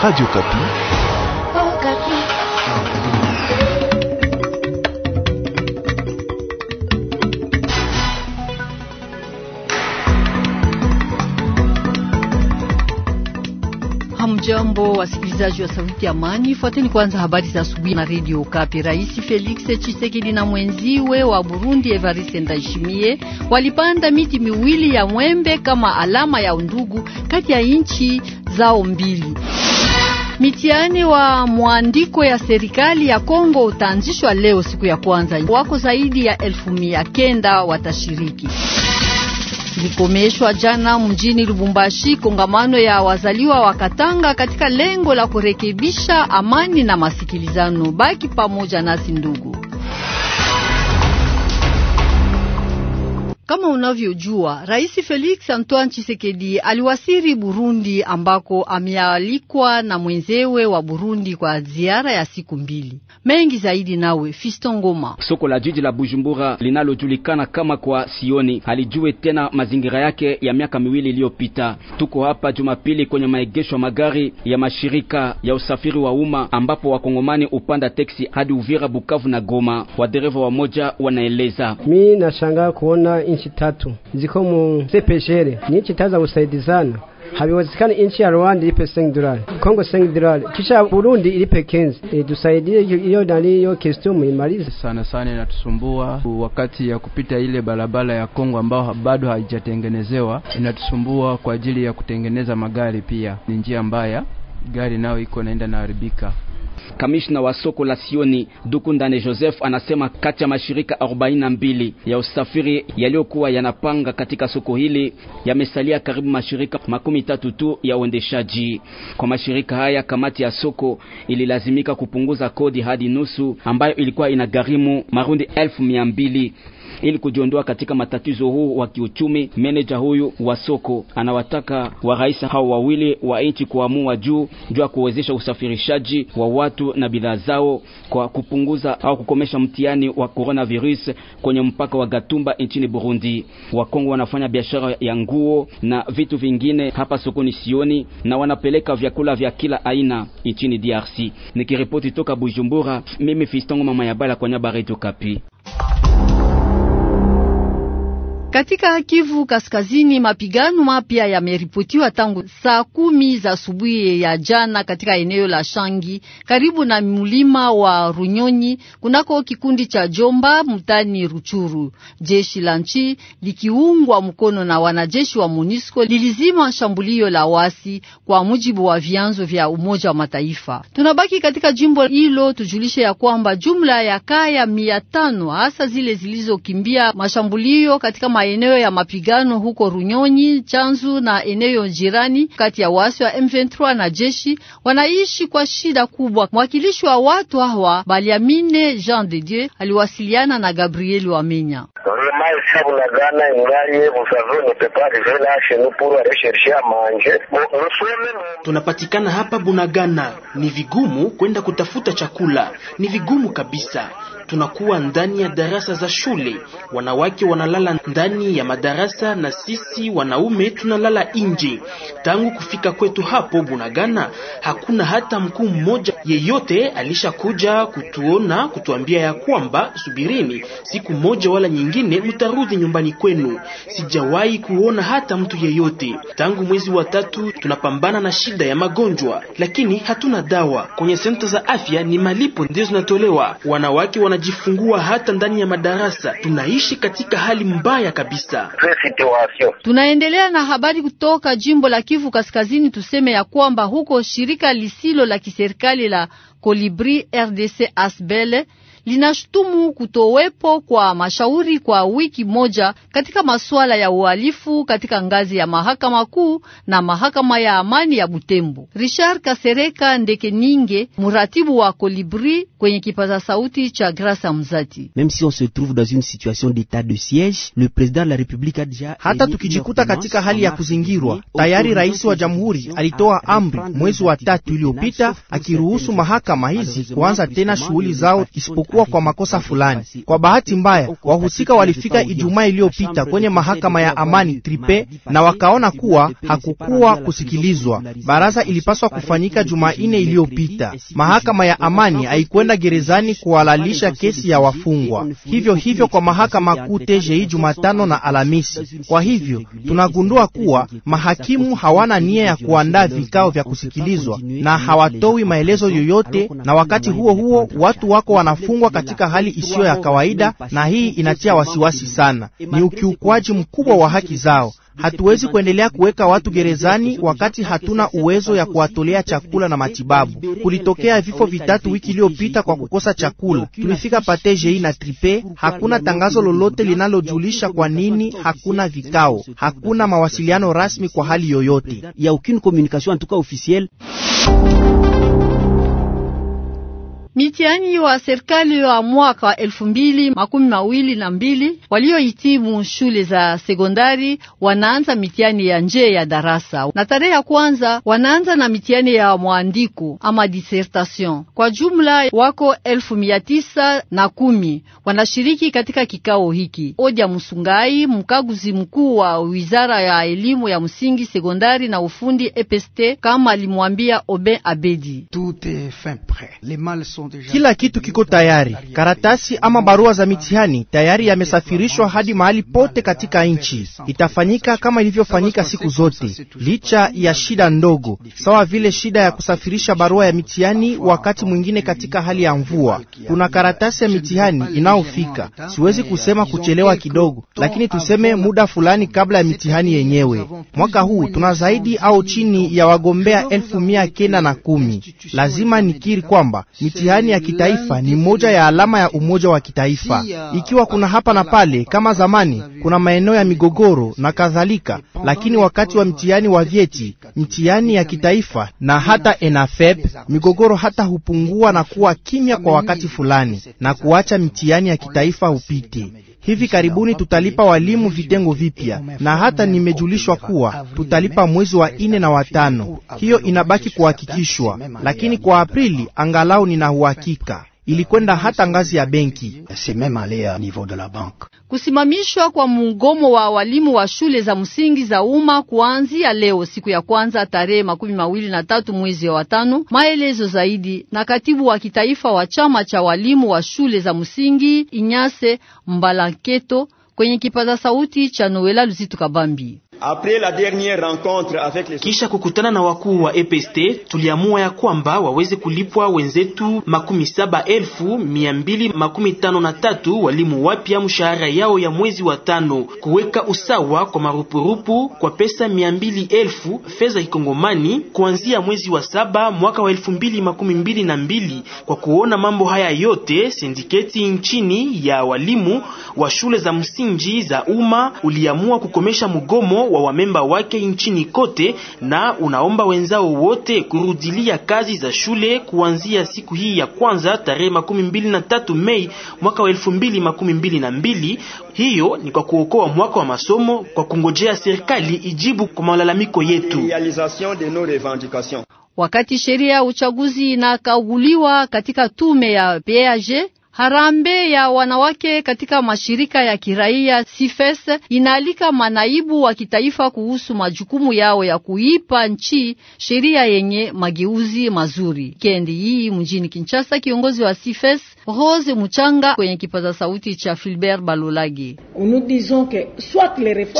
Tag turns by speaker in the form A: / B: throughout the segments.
A: Radio Kapi.
B: Oh, Kapi.
C: Hamjambo wasikilizaji wa sauti ya amani, fuateni kwanza habari za asubuhi na Radio Kapi. Rais Felix Tshisekedi na mwenziwe wa Burundi Evariste Ndayishimiye walipanda miti miwili ya mwembe kama alama ya undugu kati ya nchi zao mbili. Mitihani wa mwandiko ya serikali ya Kongo utaanzishwa leo siku ya kwanza. Wako zaidi ya elfu mia kenda watashiriki. Ilikomeshwa jana mjini Lubumbashi kongamano ya wazaliwa wa Katanga katika lengo la kurekebisha amani na masikilizano. Baki pamoja nasi ndugu. Kama unavyojua, Rais Felix Antoine chisekedi aliwasiri Burundi ambako amealikwa na mwenzewe wa Burundi kwa ziara ya siku mbili. Mengi zaidi nawe Fiston Ngoma.
A: Soko la jiji la Bujumbura linalojulikana kama kwa Sioni halijue tena mazingira yake ya miaka miwili iliyopita. Tuko hapa Jumapili kwenye maegesho ya magari ya mashirika ya usafiri wa umma ambapo wakongomani upanda teksi hadi Uvira, Bukavu na Goma. Wadereva wamoja wanaeleza, mimi nashangaa kuona nchi tatu ziko mu CPGL ni nchi tatu usaidizana habiwezekana ya Rwanda ilipe sengdural Kongo sengdural kisha Burundi ilipe kenzi E, tusaidie hiyo nani hiyo custom imalize. Sana sana inatusumbua wakati ya kupita ile barabara ya Kongo ambao bado haijatengenezewa, inatusumbua kwa ajili ya kutengeneza magari, pia ni njia mbaya, gari nayo iko naenda na haribika. Kamishna wa soko la Sioni Dukundane Joseph anasema kati ya mashirika 42 ya usafiri yaliyokuwa yanapanga katika soko hili yamesalia karibu mashirika makumi tatu tu ya uendeshaji. Kwa mashirika haya, kamati ya soko ililazimika kupunguza kodi hadi nusu ambayo ilikuwa inagharimu marundi elfu mia mbili ili kujiondoa katika matatizo huu wa kiuchumi. Meneja huyu wa soko anawataka wa rais hao wawili wa nchi kuamua juu juu ya kuwezesha usafirishaji wa watu na bidhaa zao kwa kupunguza au kukomesha mtihani wa coronavirus kwenye mpaka wa Gatumba nchini Burundi. Wakongo wanafanya biashara ya nguo na vitu vingine hapa sokoni sioni, na wanapeleka vyakula vya kila aina nchini DRC. Nikiripoti toka Bujumbura, mimi Fistongo mama ya bala kwa nyaba Radio Kapi.
C: Katika Kivu Kaskazini, mapigano mapya yameripotiwa tangu saa kumi za asubuhi ya jana katika eneo la Shangi karibu na mlima wa Runyonyi kunako kikundi cha Jomba mtani Ruchuru. Jeshi la nchi likiungwa mkono na wanajeshi wa MONUSCO lilizima shambulio la wasi, kwa mujibu wa vyanzo vya Umoja wa Mataifa. Tunabaki katika jimbo hilo, tujulishe ya kwamba jumla ya kaya mia tano hasa zile zilizokimbia mashambulio katika maeneo ya mapigano huko Runyonyi, Chanzu na eneo jirani kati ya waasi wa M23 na jeshi wanaishi kwa shida kubwa. Mwakilishi wa watu hawa Baliamine Jean de Dieu aliwasiliana na Gabriel Wamenya.
D: Tunapatikana hapa Bunagana, ni vigumu kwenda kutafuta chakula, ni vigumu kabisa tunakuwa ndani ya darasa za shule, wanawake wanalala ndani ya madarasa na sisi wanaume tunalala nje. Tangu kufika kwetu hapo Bunagana, hakuna hata mkuu mmoja yeyote alishakuja kutuona kutuambia ya kwamba subirini, siku moja wala nyingine mtarudi nyumbani kwenu. Sijawahi kuona hata mtu yeyote tangu mwezi wa tatu. Tunapambana na shida ya magonjwa, lakini hatuna dawa. Kwenye senta za afya ni malipo ndio zinatolewa, wanawake wana wanajifungua hata ndani ya madarasa. Tunaishi katika hali mbaya
A: kabisa.
C: Tunaendelea na habari kutoka jimbo la Kivu Kaskazini. Tuseme ya kwamba huko shirika lisilo la kiserikali la Kolibri RDC Asbele linashutumu kutowepo kwa mashauri kwa wiki moja katika masuala ya uhalifu katika ngazi ya mahakama kuu na mahakama ya amani ya Butembo. Richard Kasereka Ndeke Ninge, muratibu wa Kolibri, kwenye kipaza sauti cha Grasa Mzati.
D: Même si on se trouve dans une situation d'état de siege, le président de la République a déjà hata tukijikuta katika hali ya kuzingirwa, tayari rais wa jamhuri alitoa
E: amri mwezi wa tatu iliyopita akiruhusu mahakama hizi kuanza tena shughuli zao isipokuwa kuwa kwa makosa fulani. Kwa bahati mbaya, wahusika walifika Ijumaa iliyopita kwenye mahakama ya amani Tripe na wakaona kuwa hakukuwa kusikilizwa. Baraza ilipaswa kufanyika Jumanne iliyopita. Mahakama ya amani haikwenda gerezani kuhalalisha kesi ya wafungwa, hivyo hivyo kwa mahakama kuu TGI Jumatano na Alhamisi. Kwa hivyo tunagundua kuwa mahakimu hawana nia ya kuandaa vikao vya kusikilizwa na hawatoi maelezo yoyote, na wakati huo huo watu wako wanafungwa kufungwa katika hali isiyo ya kawaida, na hii inatia wasiwasi sana. Ni ukiukwaji mkubwa wa haki zao. Hatuwezi kuendelea kuweka watu gerezani wakati hatuna uwezo ya kuwatolea chakula na matibabu. Kulitokea vifo vitatu wiki iliyopita kwa kukosa chakula. Tulifika patejei na tripe, hakuna tangazo lolote linalojulisha kwa nini, hakuna vikao, hakuna mawasiliano rasmi kwa hali yoyote ya aucune communication en tout
D: cas officielle.
C: Mitihani wa serikali wa mwaka wa elfu mbili makumi mawili na mbili waliohitimu shule za sekondari wanaanza mitihani ya nje ya darasa, na tarehe ya kwanza wanaanza na mitihani ya mwandiko ama dissertation. Kwa jumla wako elfu mia tisa na kumi wanashiriki katika kikao hiki. Odia Musungai, mkaguzi mkuu wa wizara ya elimu ya msingi, sekondari na ufundi EPST, kama alimwambia Oben Abedi, Tout est fin prêt. Les mal sont
E: kila kitu kiko tayari, karatasi ama barua za mitihani tayari yamesafirishwa hadi mahali pote katika nchi. Itafanyika kama ilivyofanyika siku zote, licha ya shida ndogo, sawa vile shida ya kusafirisha barua ya mitihani wakati mwingine katika hali ya mvua. Kuna karatasi ya mitihani inayofika, siwezi kusema kuchelewa kidogo, lakini tuseme muda fulani kabla ya mitihani yenyewe. Mwaka huu tuna zaidi au chini ya wagombea elfu mia kenda na kumi. Lazima nikiri kwamba mitihani mitihani ya kitaifa ni moja ya alama ya umoja wa kitaifa. Ikiwa kuna hapa na pale kama zamani kuna maeneo ya migogoro na kadhalika, lakini wakati wa mtihani wa vyeti, mtihani ya kitaifa na hata ENAFEP, migogoro hata hupungua na kuwa kimya kwa wakati fulani na kuacha mtihani ya kitaifa upite. Hivi karibuni tutalipa walimu vitengo vipya, na hata nimejulishwa kuwa tutalipa mwezi wa ine na watano. Hiyo inabaki kuhakikishwa, lakini kwa Aprili angalau nina uhakika ilikwenda hata ngazi ya benki.
C: Kusimamishwa kwa mugomo wa walimu wa shule za msingi za umma kuanzia leo siku ya kwanza tarehe makumi mawili na tatu mwezi wa tano. Maelezo zaidi na katibu wa kitaifa wa chama cha walimu wa shule za msingi Inyase Mbalanketo kwenye kipaza sauti cha Noela Luzitu Kabambi.
D: Kisha kukutana na wakuu wa EPST tuliamua ya kwamba waweze kulipwa wenzetu makumi saba elfu mia mbili makumi tano na tatu walimu wapya mshahara yao ya mwezi wa tano, kuweka usawa kwa marupurupu kwa pesa mia mbili elfu fedha kikongomani kuanzia mwezi wa saba mwaka wa elfu mbili makumi mbili na mbili. Kwa kuona mambo haya yote, sindiketi nchini ya walimu wa shule za msingi za umma uliamua kukomesha mgomo wa wamemba wake nchini kote, na unaomba wenzao wote kurudilia kazi za shule kuanzia siku hii ya kwanza tarehe makumi mbili na tatu Mei mwaka wa elfu mbili makumi mbili na mbili. Hiyo ni kwa kuokoa mwaka wa masomo kwa kungojea serikali ijibu kwa malalamiko yetu.
C: Wakati sheria ya uchaguzi inakaguliwa katika tume ya PAG Harambe ya wanawake katika mashirika ya kiraia Sifes inaalika manaibu wa kitaifa kuhusu majukumu yao ya kuipa nchi sheria yenye mageuzi mazuri. Kendi hii mjini Kinshasa, kiongozi wa Sifes Rose Muchanga kwenye kipaza sauti cha Filbert Balolagi.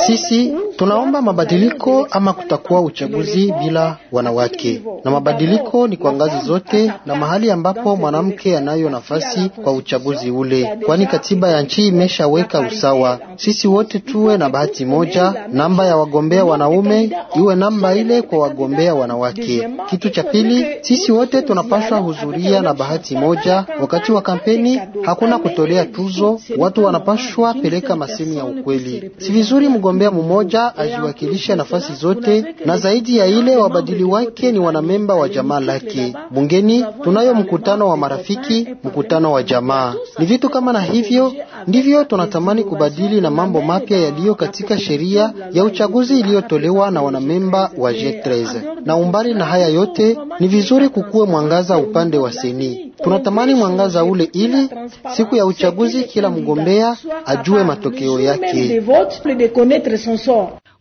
B: Sisi tunaomba mabadiliko ama kutakuwa uchaguzi bila wanawake, na mabadiliko ni kwa ngazi zote na mahali ambapo mwanamke anayo nafasi kwa uchaguzi uchaguzi ule, kwani katiba ya nchi imeshaweka usawa. Sisi wote tuwe na bahati moja, namba ya wagombea wanaume iwe namba ile kwa wagombea wanawake. Kitu cha pili, sisi wote tunapaswa huzuria na bahati moja. Wakati wa kampeni hakuna kutolea tuzo, watu wanapashwa peleka masemi ya ukweli. Si vizuri mgombea mmoja ajiwakilishe nafasi zote, na zaidi ya ile wabadili wake ni wanamemba wa jamaa lake. Bungeni tunayo mkutano wa marafiki, mkutano wa jamaa tamaa. Ni vitu kama na hivyo ndivyo tunatamani kubadili na mambo mapya yaliyo katika sheria ya uchaguzi iliyotolewa na wanamemba wa G13. Na umbali na haya yote, ni vizuri kukuwe mwangaza upande wa seni. Tunatamani mwangaza ule ili siku ya uchaguzi kila mgombea ajue matokeo yake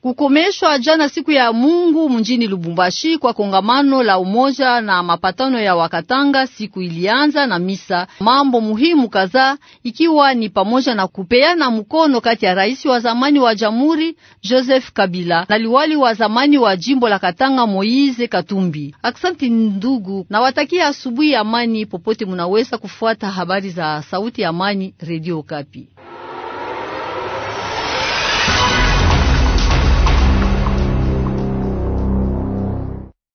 C: kukomeshwa jana siku ya Mungu mjini Lubumbashi kwa kongamano la umoja na mapatano ya Wakatanga. Siku ilianza na misa, mambo muhimu kadhaa ikiwa ni pamoja na kupeana mkono kati ya rais wa zamani wa jamhuri Joseph Kabila na liwali wa zamani wa jimbo la Katanga Moize Katumbi. Aksanti ndugu, nawatakia asubuhi ya amani popote munaweza kufuata habari za sauti ya amani, Radio Kapi.